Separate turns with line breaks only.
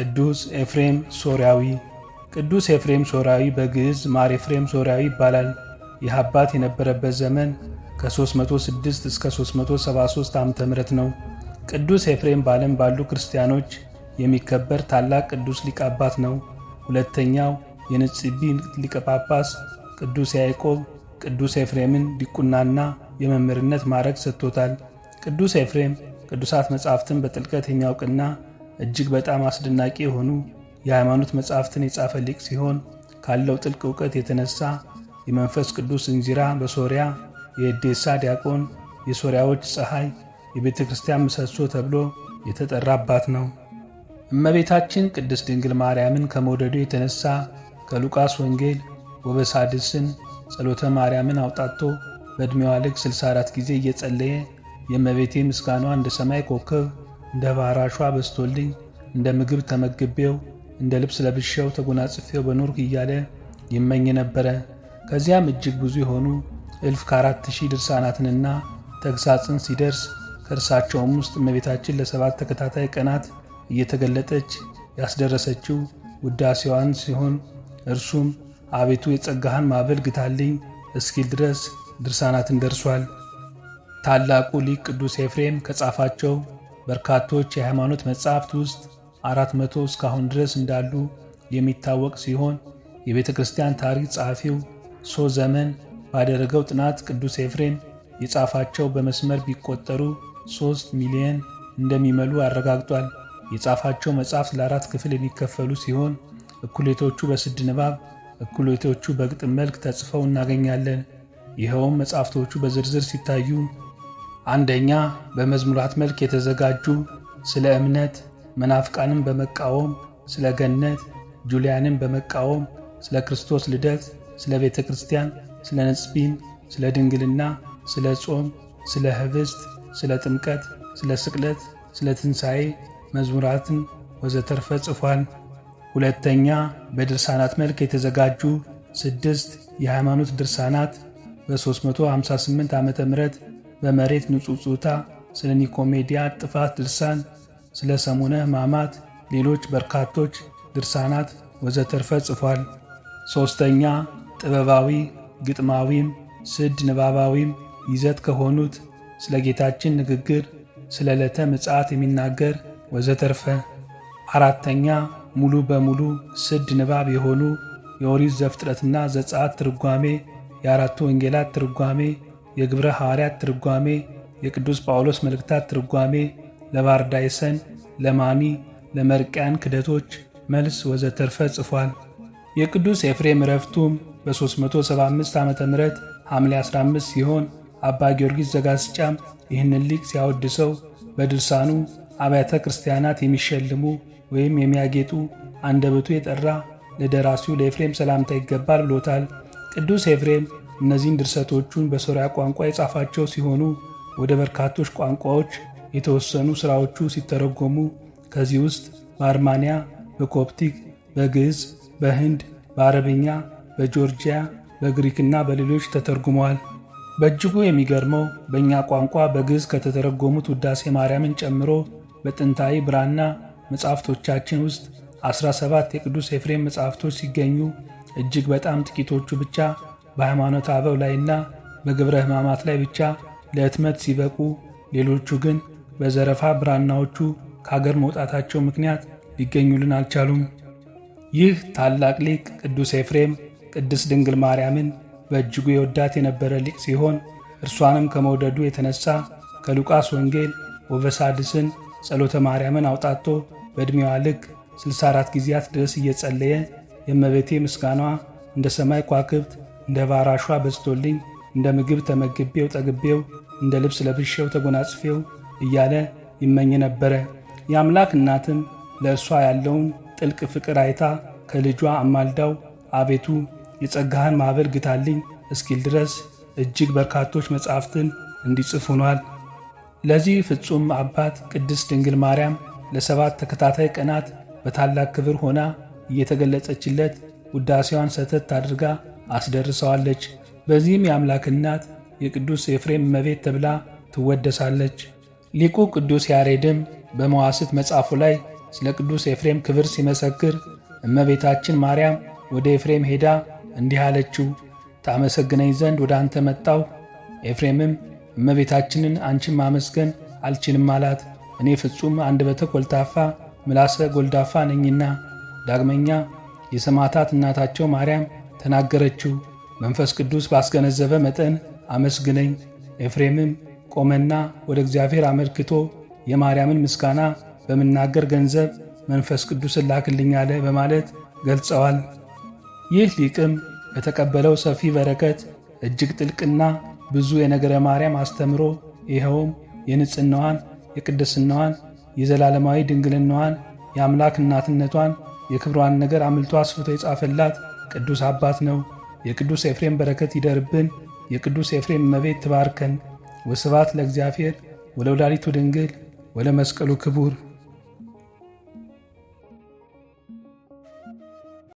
ቅዱስ ኤፍሬም ሶርያዊ ቅዱስ ኤፍሬም ሶርያዊ በግዕዝ ማር ኤፍሬም ሶርያዊ ይባላል። ይህ አባት የነበረበት ዘመን ከ306 እስከ 373 ዓ ም ነው። ቅዱስ ኤፍሬም በዓለም ባሉ ክርስቲያኖች የሚከበር ታላቅ ቅዱስ ሊቅ አባት ነው። ሁለተኛው የንጽቢ ሊቀ ጳጳስ ቅዱስ ያዕቆብ ቅዱስ ኤፍሬምን ዲቁናና የመምህርነት ማዕረግ ሰጥቶታል። ቅዱስ ኤፍሬም ቅዱሳት መጻሕፍትን በጥልቀት የሚያውቅና እጅግ በጣም አስደናቂ የሆኑ የሃይማኖት መጻሕፍትን የጻፈ ሊቅ ሲሆን ካለው ጥልቅ እውቀት የተነሳ የመንፈስ ቅዱስ እንዚራ በሶሪያ የእዴሳ ዲያቆን፣ የሶሪያዎች ፀሐይ፣ የቤተ ክርስቲያን ምሰሶ ተብሎ የተጠራባት ነው። እመቤታችን ቅድስት ድንግል ማርያምን ከመውደዱ የተነሳ ከሉቃስ ወንጌል ወበሳድስን ጸሎተ ማርያምን አውጣቶ በዕድሜዋ ልክ 64 ጊዜ እየጸለየ የእመቤቴ ምስጋኗ እንደ ሰማይ ኮከብ እንደ ባራሿ በስቶልኝ እንደ ምግብ ተመግቤው እንደ ልብስ ለብሼው ተጎናጽፌው በኖርክ እያለ ይመኝ ነበረ። ከዚያም እጅግ ብዙ የሆኑ እልፍ ከአራት ሺህ ድርሳናትንና ተግሳጽን ሲደርስ ከእርሳቸውም ውስጥ እመቤታችን ለሰባት ተከታታይ ቀናት እየተገለጠች ያስደረሰችው ውዳሴዋን ሲሆን እርሱም አቤቱ የጸጋህን ማዕበል ግታልኝ እስኪል ድረስ ድርሳናትን ደርሷል። ታላቁ ሊቅ ቅዱስ ኤፍሬም ከጻፋቸው በርካቶች የሃይማኖት መጻሕፍት ውስጥ አራት መቶ እስካሁን ድረስ እንዳሉ የሚታወቅ ሲሆን የቤተ ክርስቲያን ታሪክ ጸሐፊው ሶ ዘመን ባደረገው ጥናት ቅዱስ ኤፍሬም የጻፋቸው በመስመር ቢቆጠሩ ሦስት ሚሊየን እንደሚመሉ አረጋግጧል። የጻፋቸው መጻሕፍት ለአራት ክፍል የሚከፈሉ ሲሆን እኩሌቶቹ በስድ ንባብ፣ እኩሌቶቹ በግጥም መልክ ተጽፈው እናገኛለን። ይኸውም መጻሕፍቶቹ በዝርዝር ሲታዩ አንደኛ በመዝሙራት መልክ የተዘጋጁ ስለ እምነት፣ መናፍቃንን በመቃወም ስለ ገነት፣ ጁልያንም በመቃወም ስለ ክርስቶስ ልደት፣ ስለ ቤተ ክርስቲያን፣ ስለ ንጽቢን፣ ስለ ድንግልና፣ ስለ ጾም፣ ስለ ህብስት፣ ስለ ጥምቀት፣ ስለ ስቅለት፣ ስለ ትንሣኤ መዝሙራትን ወዘተርፈ ጽፏል። ሁለተኛ በድርሳናት መልክ የተዘጋጁ ስድስት የሃይማኖት ድርሳናት በ358 ዓ ም በመሬት ንጹጽታ፣ ስለ ኒኮሜዲያ ጥፋት ድርሳን፣ ስለ ሰሙነ ሕማማት፣ ሌሎች በርካቶች ድርሳናት ወዘተርፈ ጽፏል። ሦስተኛ ጥበባዊ ግጥማዊም ስድ ንባባዊም ይዘት ከሆኑት ስለ ጌታችን ንግግር፣ ስለ ዕለተ ምጽአት የሚናገር ወዘተርፈ። አራተኛ ሙሉ በሙሉ ስድ ንባብ የሆኑ የኦሪት ዘፍጥረትና ዘጸአት ትርጓሜ፣ የአራቱ ወንጌላት ትርጓሜ የግብረ ሐዋርያት ትርጓሜ፣ የቅዱስ ጳውሎስ መልእክታት ትርጓሜ፣ ለባርዳይሰን፣ ለማኒ፣ ለመርቅያን ክደቶች መልስ ወዘተርፈ ጽፏል። የቅዱስ ኤፍሬም ረፍቱም በ375 ዓ ም ሐምሌ 15 ሲሆን አባ ጊዮርጊስ ዘጋስጫም ይህንን ሊቅ ሲያወድሰው በድርሳኑ አብያተ ክርስቲያናት የሚሸልሙ ወይም የሚያጌጡ አንደበቱ የጠራ ለደራሲው ለኤፍሬም ሰላምታ ይገባል ብሎታል። ቅዱስ ኤፍሬም እነዚህን ድርሰቶቹን በሶሪያ ቋንቋ የጻፋቸው ሲሆኑ ወደ በርካቶች ቋንቋዎች የተወሰኑ ሥራዎቹ ሲተረጎሙ ከዚህ ውስጥ በአርማንያ፣ በኮፕቲክ፣ በግዕዝ፣ በህንድ፣ በአረብኛ፣ በጆርጂያ፣ በግሪክና በሌሎች ተተርጉመዋል። በእጅጉ የሚገርመው በእኛ ቋንቋ በግዕዝ ከተተረጎሙት ውዳሴ ማርያምን ጨምሮ በጥንታዊ ብራና መጻሕፍቶቻችን ውስጥ 17 የቅዱስ ኤፍሬም መጻሕፍቶች ሲገኙ እጅግ በጣም ጥቂቶቹ ብቻ በሃይማኖት አበው ላይና በግብረ ሕማማት ላይ ብቻ ለህትመት ሲበቁ፣ ሌሎቹ ግን በዘረፋ ብራናዎቹ ከአገር መውጣታቸው ምክንያት ሊገኙልን አልቻሉም። ይህ ታላቅ ሊቅ ቅዱስ ኤፍሬም ቅድስት ድንግል ማርያምን በእጅጉ የወዳት የነበረ ሊቅ ሲሆን እርሷንም ከመውደዱ የተነሳ ከሉቃስ ወንጌል ወበሳድስን ጸሎተ ማርያምን አውጣቶ በዕድሜዋ ልክ 64 ጊዜያት ድረስ እየጸለየ የእመቤቴ ምስጋናዋ እንደ ሰማይ ኳክብት እንደ ባራሿ በዝቶልኝ እንደ ምግብ ተመግቤው ጠግቤው እንደ ልብስ ለብሼው ተጎናጽፌው እያለ ይመኝ ነበረ። የአምላክ እናትም ለእሷ ያለውን ጥልቅ ፍቅር አይታ ከልጇ አማልዳው አቤቱ የጸጋህን ማዕበል ግታልኝ እስኪል ድረስ እጅግ በርካቶች መጻሕፍትን እንዲጽፍ ሆኗል። ለዚህ ፍጹም አባት ቅድስት ድንግል ማርያም ለሰባት ተከታታይ ቀናት በታላቅ ክብር ሆና እየተገለጸችለት ውዳሴዋን ሰተት አድርጋ አስደርሰዋለች። በዚህም የአምላክ እናት የቅዱስ ኤፍሬም እመቤት ተብላ ትወደሳለች። ሊቁ ቅዱስ ያሬድም በመዋስት መጽሐፉ ላይ ስለ ቅዱስ ኤፍሬም ክብር ሲመሰክር እመቤታችን ማርያም ወደ ኤፍሬም ሄዳ እንዲህ አለችው፣ ታመሰግነኝ ዘንድ ወደ አንተ መጣው። ኤፍሬምም እመቤታችንን አንቺን ማመስገን አልችልም አላት፣ እኔ ፍጹም አንደበተ ኮልታፋ ምላሰ ጎልዳፋ ነኝና። ዳግመኛ የሰማዕታት እናታቸው ማርያም ተናገረችው። መንፈስ ቅዱስ ባስገነዘበ መጠን አመስግነኝ። ኤፍሬምም ቆመና ወደ እግዚአብሔር አመልክቶ የማርያምን ምስጋና በምናገር ገንዘብ መንፈስ ቅዱስ ላክልኝ አለ በማለት ገልጸዋል። ይህ ሊቅም በተቀበለው ሰፊ በረከት እጅግ ጥልቅና ብዙ የነገረ ማርያም አስተምሮ ይኸውም የንጽህናዋን፣ የቅድስናዋን፣ የዘላለማዊ ድንግልናዋን፣ የአምላክ እናትነቷን፣ የክብሯን ነገር አምልቶ አስፍቶ የጻፈላት ቅዱስ አባት ነው። የቅዱስ ኤፍሬም በረከት ይደርብን። የቅዱስ ኤፍሬም መቤት ትባርከን። ወስባት ለእግዚአብሔር ወለወላዲቱ ድንግል ወለመስቀሉ ክቡር